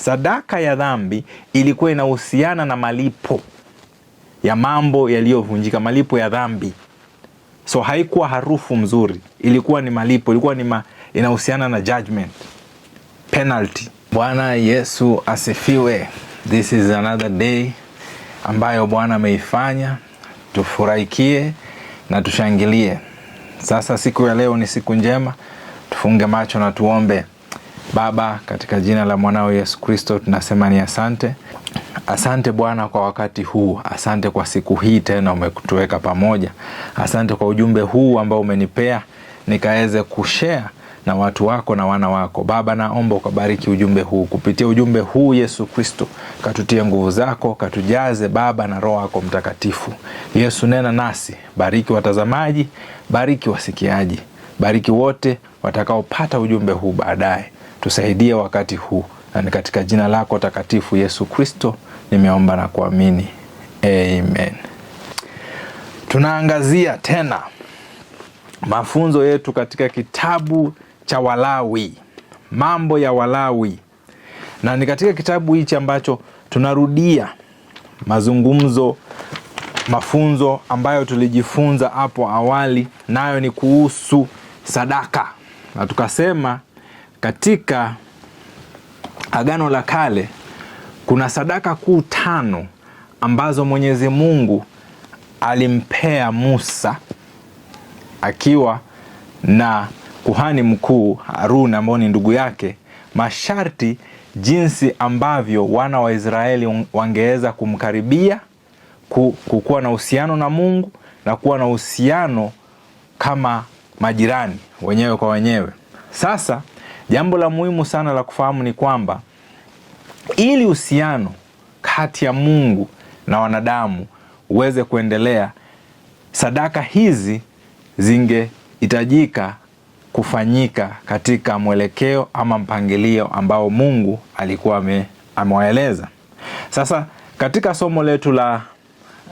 Sadaka ya dhambi ilikuwa inahusiana na malipo ya mambo yaliyovunjika, malipo ya dhambi. So haikuwa harufu mzuri, ilikuwa ni malipo, ilikuwa ni ma, inahusiana na judgment, penalty. Bwana Yesu asifiwe. This is another day ambayo Bwana ameifanya, tufurahikie na tushangilie. Sasa siku ya leo ni siku njema, tufunge macho na tuombe. Baba, katika jina la mwanao Yesu Kristo tunasema ni asante. Asante Bwana kwa wakati huu, asante kwa siku hii tena umetuweka pamoja, asante kwa ujumbe huu ambao umenipea nikaweze kushare na watu wako na wana wako. Baba, naomba ukabariki ujumbe huu. Kupitia ujumbe huu Yesu Kristo, katutie nguvu zako, katujaze Baba na Roho yako Mtakatifu. Yesu, nena nasi, bariki watazamaji, bariki wasikiaji, bariki wote watakaopata ujumbe huu baadaye tusaidie wakati huu, na ni katika jina lako takatifu Yesu Kristo nimeomba na kuamini amen. Tunaangazia tena mafunzo yetu katika kitabu cha Walawi, mambo ya Walawi, na ni katika kitabu hichi ambacho tunarudia mazungumzo mafunzo ambayo tulijifunza hapo awali, nayo ni kuhusu sadaka, na tukasema katika Agano la Kale kuna sadaka kuu tano ambazo Mwenyezi Mungu alimpea Musa akiwa na kuhani mkuu Harun ambao ni ndugu yake, masharti jinsi ambavyo wana wa Israeli wangeweza kumkaribia, kukuwa na uhusiano na Mungu na kuwa na uhusiano kama majirani wenyewe kwa wenyewe. Sasa Jambo la muhimu sana la kufahamu ni kwamba ili uhusiano kati ya Mungu na wanadamu uweze kuendelea, sadaka hizi zingehitajika kufanyika katika mwelekeo ama mpangilio ambao Mungu alikuwa amewaeleza. Sasa katika somo letu la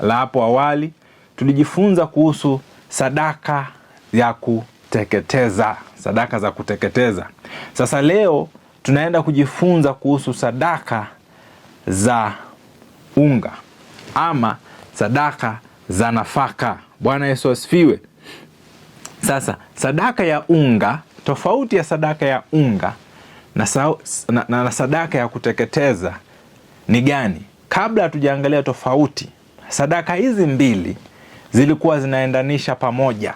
la hapo awali tulijifunza kuhusu sadaka ya kuteketeza sadaka za kuteketeza. Sasa leo tunaenda kujifunza kuhusu sadaka za unga ama sadaka za nafaka. Bwana Yesu asifiwe. Sasa sadaka ya unga, tofauti ya sadaka ya unga na, na, na sadaka ya kuteketeza ni gani? Kabla hatujaangalia tofauti, sadaka hizi mbili zilikuwa zinaendanisha pamoja.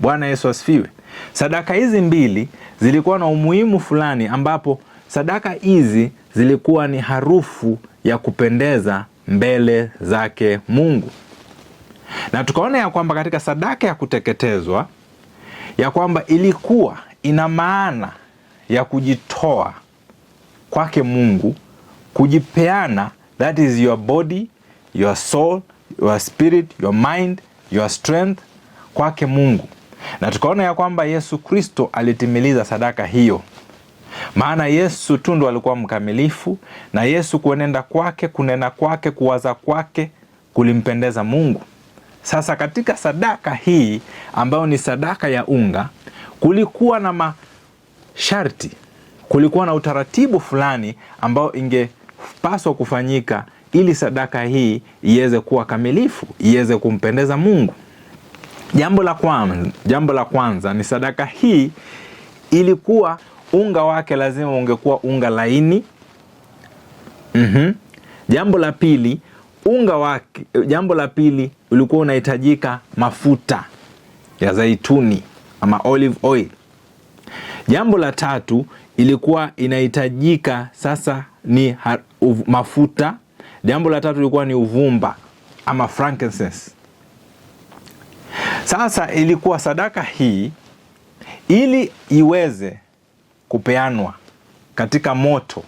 Bwana Yesu asifiwe. Sadaka hizi mbili zilikuwa na umuhimu fulani, ambapo sadaka hizi zilikuwa ni harufu ya kupendeza mbele zake Mungu. Na tukaona ya kwamba katika sadaka ya kuteketezwa ya kwamba ilikuwa ina maana ya kujitoa kwake Mungu, kujipeana, that is your body, your soul, your spirit, your mind, your strength kwake Mungu na tukaona ya kwamba Yesu Kristo alitimiliza sadaka hiyo, maana Yesu tu ndo alikuwa mkamilifu, na Yesu kuenenda kwake, kunena kwake, kuwaza kwake kulimpendeza Mungu. Sasa katika sadaka hii ambayo ni sadaka ya unga, kulikuwa na masharti, kulikuwa na utaratibu fulani ambao ingepaswa kufanyika ili sadaka hii iweze kuwa kamilifu, iweze kumpendeza Mungu. Jambo la kwanza, jambo la kwanza ni sadaka hii ilikuwa unga wake lazima ungekuwa unga laini. mm -hmm. Jambo la pili unga wake, jambo la pili ulikuwa unahitajika mafuta ya zaituni ama olive oil. Jambo la tatu ilikuwa inahitajika sasa ni mafuta. Jambo la tatu ilikuwa ni uvumba ama frankincense. Sasa ilikuwa sadaka hii ili iweze kupeanwa katika moto,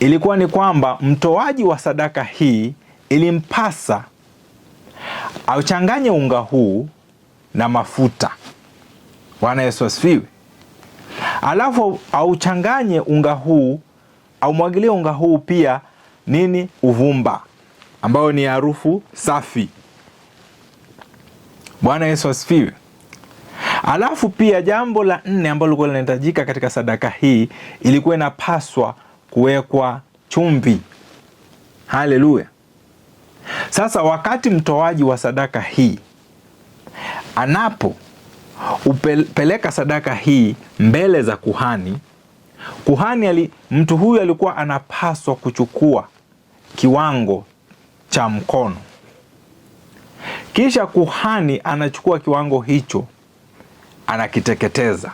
ilikuwa ni kwamba mtoaji wa sadaka hii ilimpasa auchanganye unga huu na mafuta. Bwana Yesu asifiwe. Alafu auchanganye unga huu, aumwagilie unga huu pia nini, uvumba ambayo ni harufu safi Bwana Yesu asifiwe. Alafu pia jambo la nne ambalo lilikuwa linahitajika katika sadaka hii, ilikuwa inapaswa kuwekwa chumvi. Haleluya! Sasa wakati mtoaji wa sadaka hii anapo upeleka sadaka hii mbele za kuhani, kuhani ali, mtu huyu alikuwa anapaswa kuchukua kiwango cha mkono kisha kuhani anachukua kiwango hicho anakiteketeza.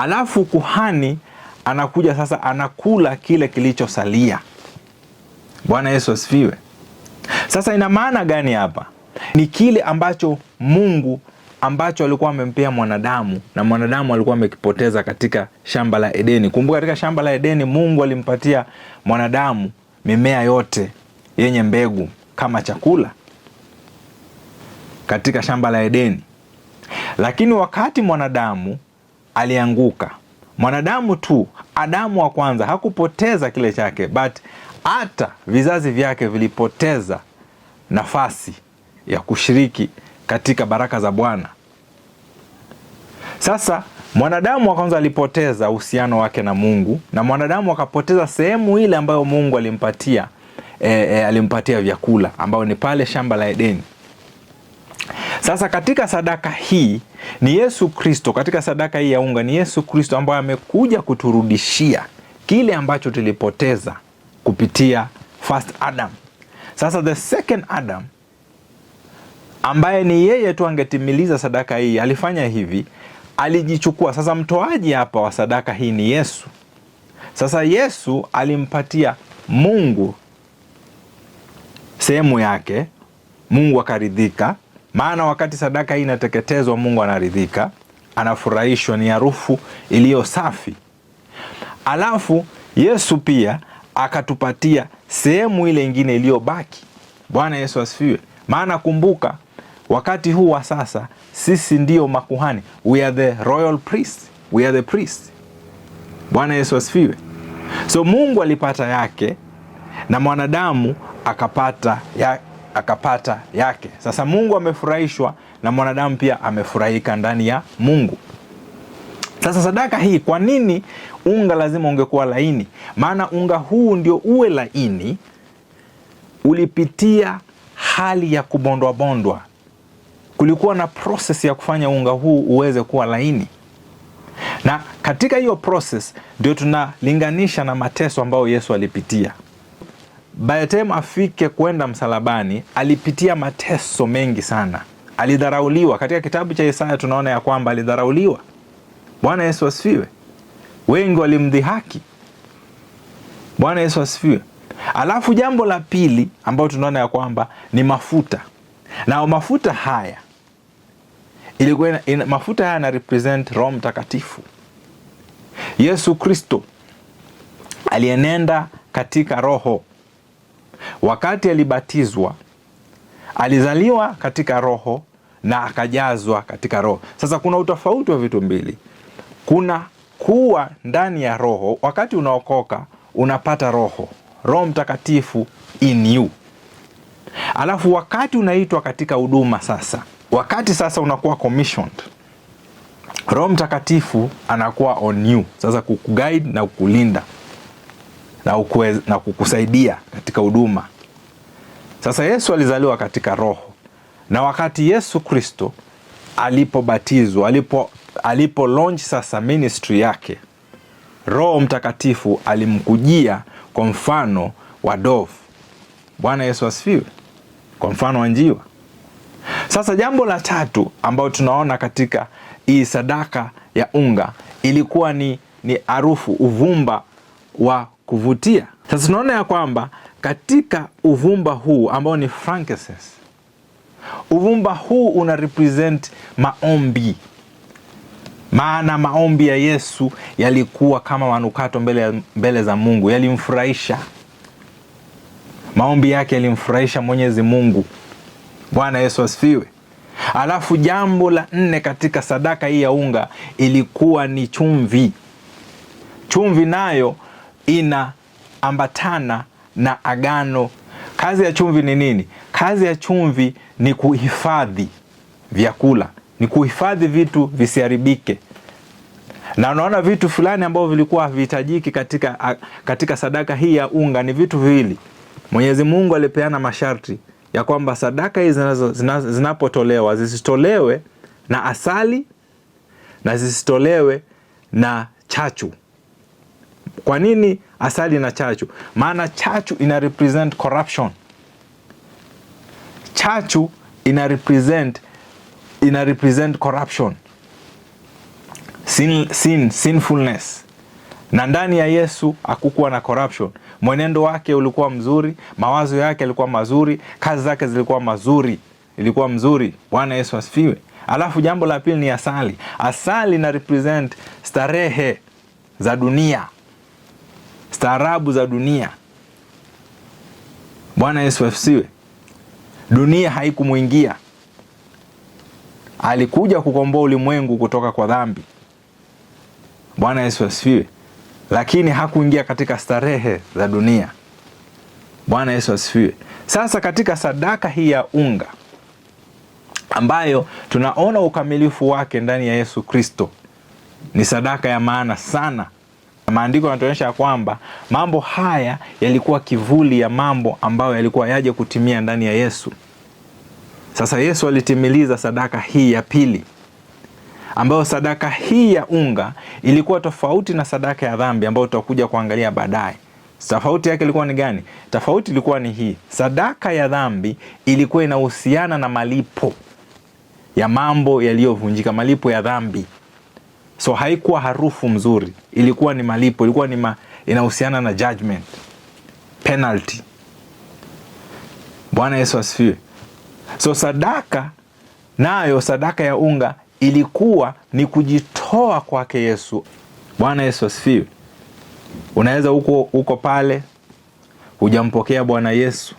Alafu kuhani anakuja sasa, anakula kile kilichosalia. Bwana Yesu asifiwe. Sasa ina maana gani hapa? Ni kile ambacho Mungu ambacho alikuwa amempea mwanadamu na mwanadamu alikuwa amekipoteza katika shamba la Edeni. Kumbuka, katika shamba la Edeni Mungu alimpatia mwanadamu mimea yote yenye mbegu kama chakula katika shamba la Edeni. Lakini wakati mwanadamu alianguka, mwanadamu tu Adamu wa kwanza hakupoteza kile chake, but hata vizazi vyake vilipoteza nafasi ya kushiriki katika baraka za Bwana. Sasa mwanadamu wa kwanza alipoteza uhusiano wake na Mungu, na mwanadamu akapoteza sehemu ile ambayo Mungu alimpatia, e, e, alimpatia vyakula ambayo ni pale shamba la Edeni. Sasa katika sadaka hii ni Yesu Kristo, katika sadaka hii ya unga ni Yesu Kristo ambaye amekuja kuturudishia kile ambacho tulipoteza kupitia first Adam. Sasa the second Adam ambaye ni yeye tu angetimiliza sadaka hii, alifanya hivi, alijichukua. Sasa mtoaji hapa wa sadaka hii ni Yesu. Sasa Yesu alimpatia Mungu sehemu yake, Mungu akaridhika maana wakati sadaka hii inateketezwa, Mungu anaridhika, anafurahishwa, ni harufu iliyo safi. Alafu Yesu pia akatupatia sehemu ile ingine iliyobaki. Bwana Yesu asifiwe. Maana kumbuka, wakati huu wa sasa sisi ndio makuhani, we are the royal priest, we are the priest. Bwana Yesu asifiwe. So Mungu alipata yake na mwanadamu akapata ya akapata yake. Sasa Mungu amefurahishwa na mwanadamu pia amefurahika ndani ya Mungu. Sasa sadaka hii, kwa nini unga lazima ungekuwa laini? Maana unga huu ndio uwe laini, ulipitia hali ya kubondwabondwa kulikuwa na proses ya kufanya unga huu uweze kuwa laini, na katika hiyo proses ndio tunalinganisha na mateso ambayo Yesu alipitia by the time afike kwenda msalabani alipitia mateso mengi sana, alidharauliwa. Katika kitabu cha Isaya tunaona ya kwamba alidharauliwa. Bwana Yesu asifiwe. Wengi walimdhihaki. Bwana Yesu asifiwe. Alafu jambo la pili ambayo tunaona ya kwamba ni mafuta, na mafuta haya ilikuwa ina, mafuta haya yana represent Roho Mtakatifu. Yesu Kristo alienenda katika roho Wakati alibatizwa alizaliwa katika roho na akajazwa katika roho. Sasa kuna utofauti wa vitu mbili, kuna kuwa ndani ya roho. Wakati unaokoka unapata roho, Roho Mtakatifu in you, alafu wakati unaitwa katika huduma sasa, wakati sasa unakuwa commissioned Roho Mtakatifu anakuwa on you sasa, kukuguide na kukulinda na, ukwe, na kukusaidia katika huduma. Sasa Yesu alizaliwa katika roho, na wakati Yesu Kristo alipobatizwa, alipo, alipo launch sasa ministry yake, Roho Mtakatifu alimkujia kwa mfano wa dovu. Bwana Yesu asifiwe, kwa mfano wa njiwa. Sasa jambo la tatu ambayo tunaona katika hii sadaka ya unga ilikuwa ni, ni harufu uvumba wa kuvutia. Sasa tunaona ya kwamba katika uvumba huu ambao ni frankincense, uvumba huu una represent maombi, maana maombi ya Yesu yalikuwa kama manukato mbele, mbele za Mungu, yalimfurahisha maombi yake yalimfurahisha Mwenyezi Mungu. Bwana Yesu asifiwe. Alafu jambo la nne katika sadaka hii ya unga ilikuwa ni chumvi. Chumvi nayo inaambatana na agano. Kazi ya chumvi ni nini? Kazi ya chumvi ni kuhifadhi vyakula, ni kuhifadhi vitu visiharibike. Na unaona vitu fulani ambavyo vilikuwa havihitajiki katika, katika sadaka hii ya unga ni vitu viwili. Mwenyezi Mungu alipeana masharti ya kwamba sadaka hizi zinapotolewa zisitolewe na asali na zisitolewe na chachu. Kwa nini asali na chachu? Maana chachu ina represent corruption. Chachu ina represent, ina represent corruption. Sin, sin, sinfulness na ndani ya Yesu hakukuwa na corruption. Mwenendo wake ulikuwa mzuri, mawazo yake yalikuwa mazuri, kazi zake zilikuwa mazuri, ilikuwa mzuri. Bwana Yesu asifiwe. Alafu jambo la pili ni asali. Asali na represent starehe za dunia staarabu za dunia. Bwana Yesu asifiwe. Dunia haikumwingia alikuja kukomboa ulimwengu kutoka kwa dhambi. Bwana Yesu asifiwe, lakini hakuingia katika starehe za dunia. Bwana Yesu asifiwe. Sasa katika sadaka hii ya unga ambayo tunaona ukamilifu wake ndani ya Yesu Kristo, ni sadaka ya maana sana Maandiko yanatuonyesha kwamba mambo haya yalikuwa kivuli ya mambo ambayo yalikuwa yaje kutimia ndani ya Yesu. Sasa Yesu alitimiliza sadaka hii ya pili, ambayo sadaka hii ya unga ilikuwa tofauti na sadaka ya dhambi ambayo tutakuja kuangalia baadaye. Tofauti yake ilikuwa ni gani? Tofauti ilikuwa ni hii: sadaka ya dhambi ilikuwa inahusiana na malipo ya mambo yaliyovunjika, malipo ya dhambi So haikuwa harufu mzuri, ilikuwa ni malipo, ilikuwa ni ma, inahusiana na judgment penalty. Bwana Yesu asifiwe. So sadaka nayo, sadaka ya unga ilikuwa ni kujitoa kwake Yesu. Bwana Yesu asifiwe. Unaweza uko, uko pale hujampokea Bwana Yesu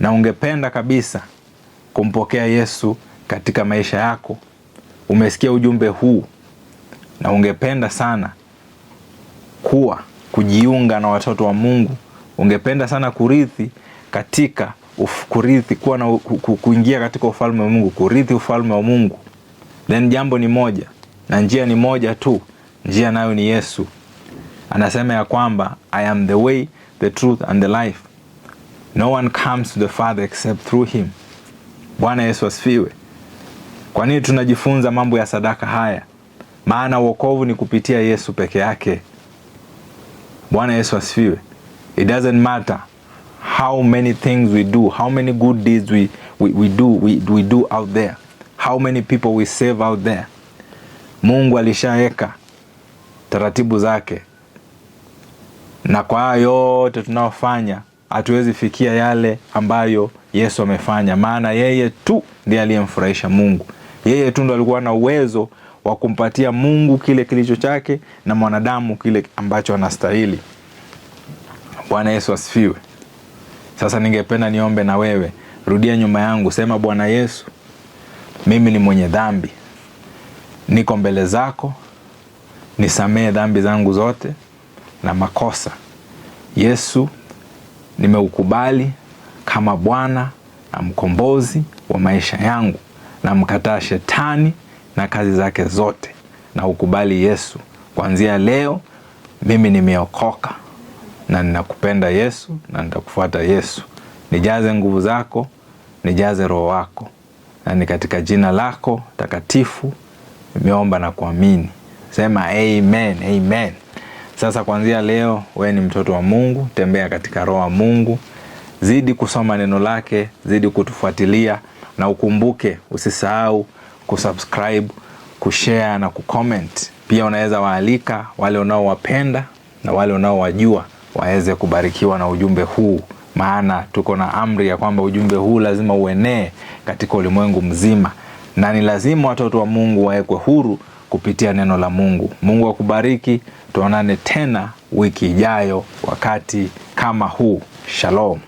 na ungependa kabisa kumpokea Yesu katika maisha yako. Umesikia ujumbe huu na ungependa sana kuwa kujiunga na watoto wa Mungu, ungependa sana kurithi katika uf, kurithi kuwa na kuingia katika ufalme wa Mungu, kurithi ufalme wa Mungu, then jambo ni moja na njia ni moja tu, njia nayo ni Yesu. Anasema ya kwamba I am the way, the truth and the life, no one comes to the Father except through him. Bwana Yesu asifiwe. Kwa nini tunajifunza mambo ya sadaka haya? maana wokovu ni kupitia Yesu peke yake. Bwana Yesu asifiwe. It doesn't matter how many things we do, how many good deeds we, we, we, do, we, we do out there, how many people we save out there. Mungu alishaweka taratibu zake, na kwa haya yote tunaofanya hatuwezi fikia yale ambayo Yesu amefanya, maana yeye tu ndiye aliyemfurahisha Mungu. Yeye tu ndo alikuwa na uwezo wa kumpatia Mungu kile kilicho chake na mwanadamu kile ambacho anastahili. Bwana Yesu asifiwe. Sasa ningependa niombe na wewe, rudia nyuma yangu, sema: Bwana Yesu, mimi ni mwenye dhambi, niko mbele zako, nisamehe dhambi zangu zote na makosa. Yesu, nimeukubali kama Bwana na mkombozi wa maisha yangu, namkataa shetani na kazi zake zote na ukubali Yesu. Kuanzia leo mimi nimeokoka na ninakupenda Yesu na nitakufuata Yesu. Nijaze nguvu zako, nijaze roho wako, na ni katika jina lako takatifu nimeomba na kuamini. Sema amen, amen. Sasa kuanzia leo wewe ni mtoto wa Mungu, tembea katika roho wa Mungu, zidi kusoma neno lake, zidi kutufuatilia na ukumbuke, usisahau kusubscribe, kushare na kucomment. Pia unaweza waalika wale unaowapenda na wale unaowajua waweze kubarikiwa na ujumbe huu, maana tuko na amri ya kwamba ujumbe huu lazima uenee katika ulimwengu mzima, na ni lazima watoto wa Mungu wawekwe huru kupitia neno la Mungu. Mungu akubariki, tuonane tena wiki ijayo wakati kama huu. Shalom.